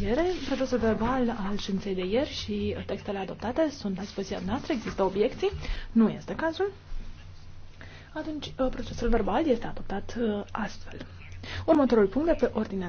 audiere. Procesul verbal al științei de ieri și textele adoptate sunt la dispoziția noastră. Există obiecții? Nu este cazul. Atunci, uh, procesul verbal este adoptat uh, astfel. Următorul punct de pe ordinea de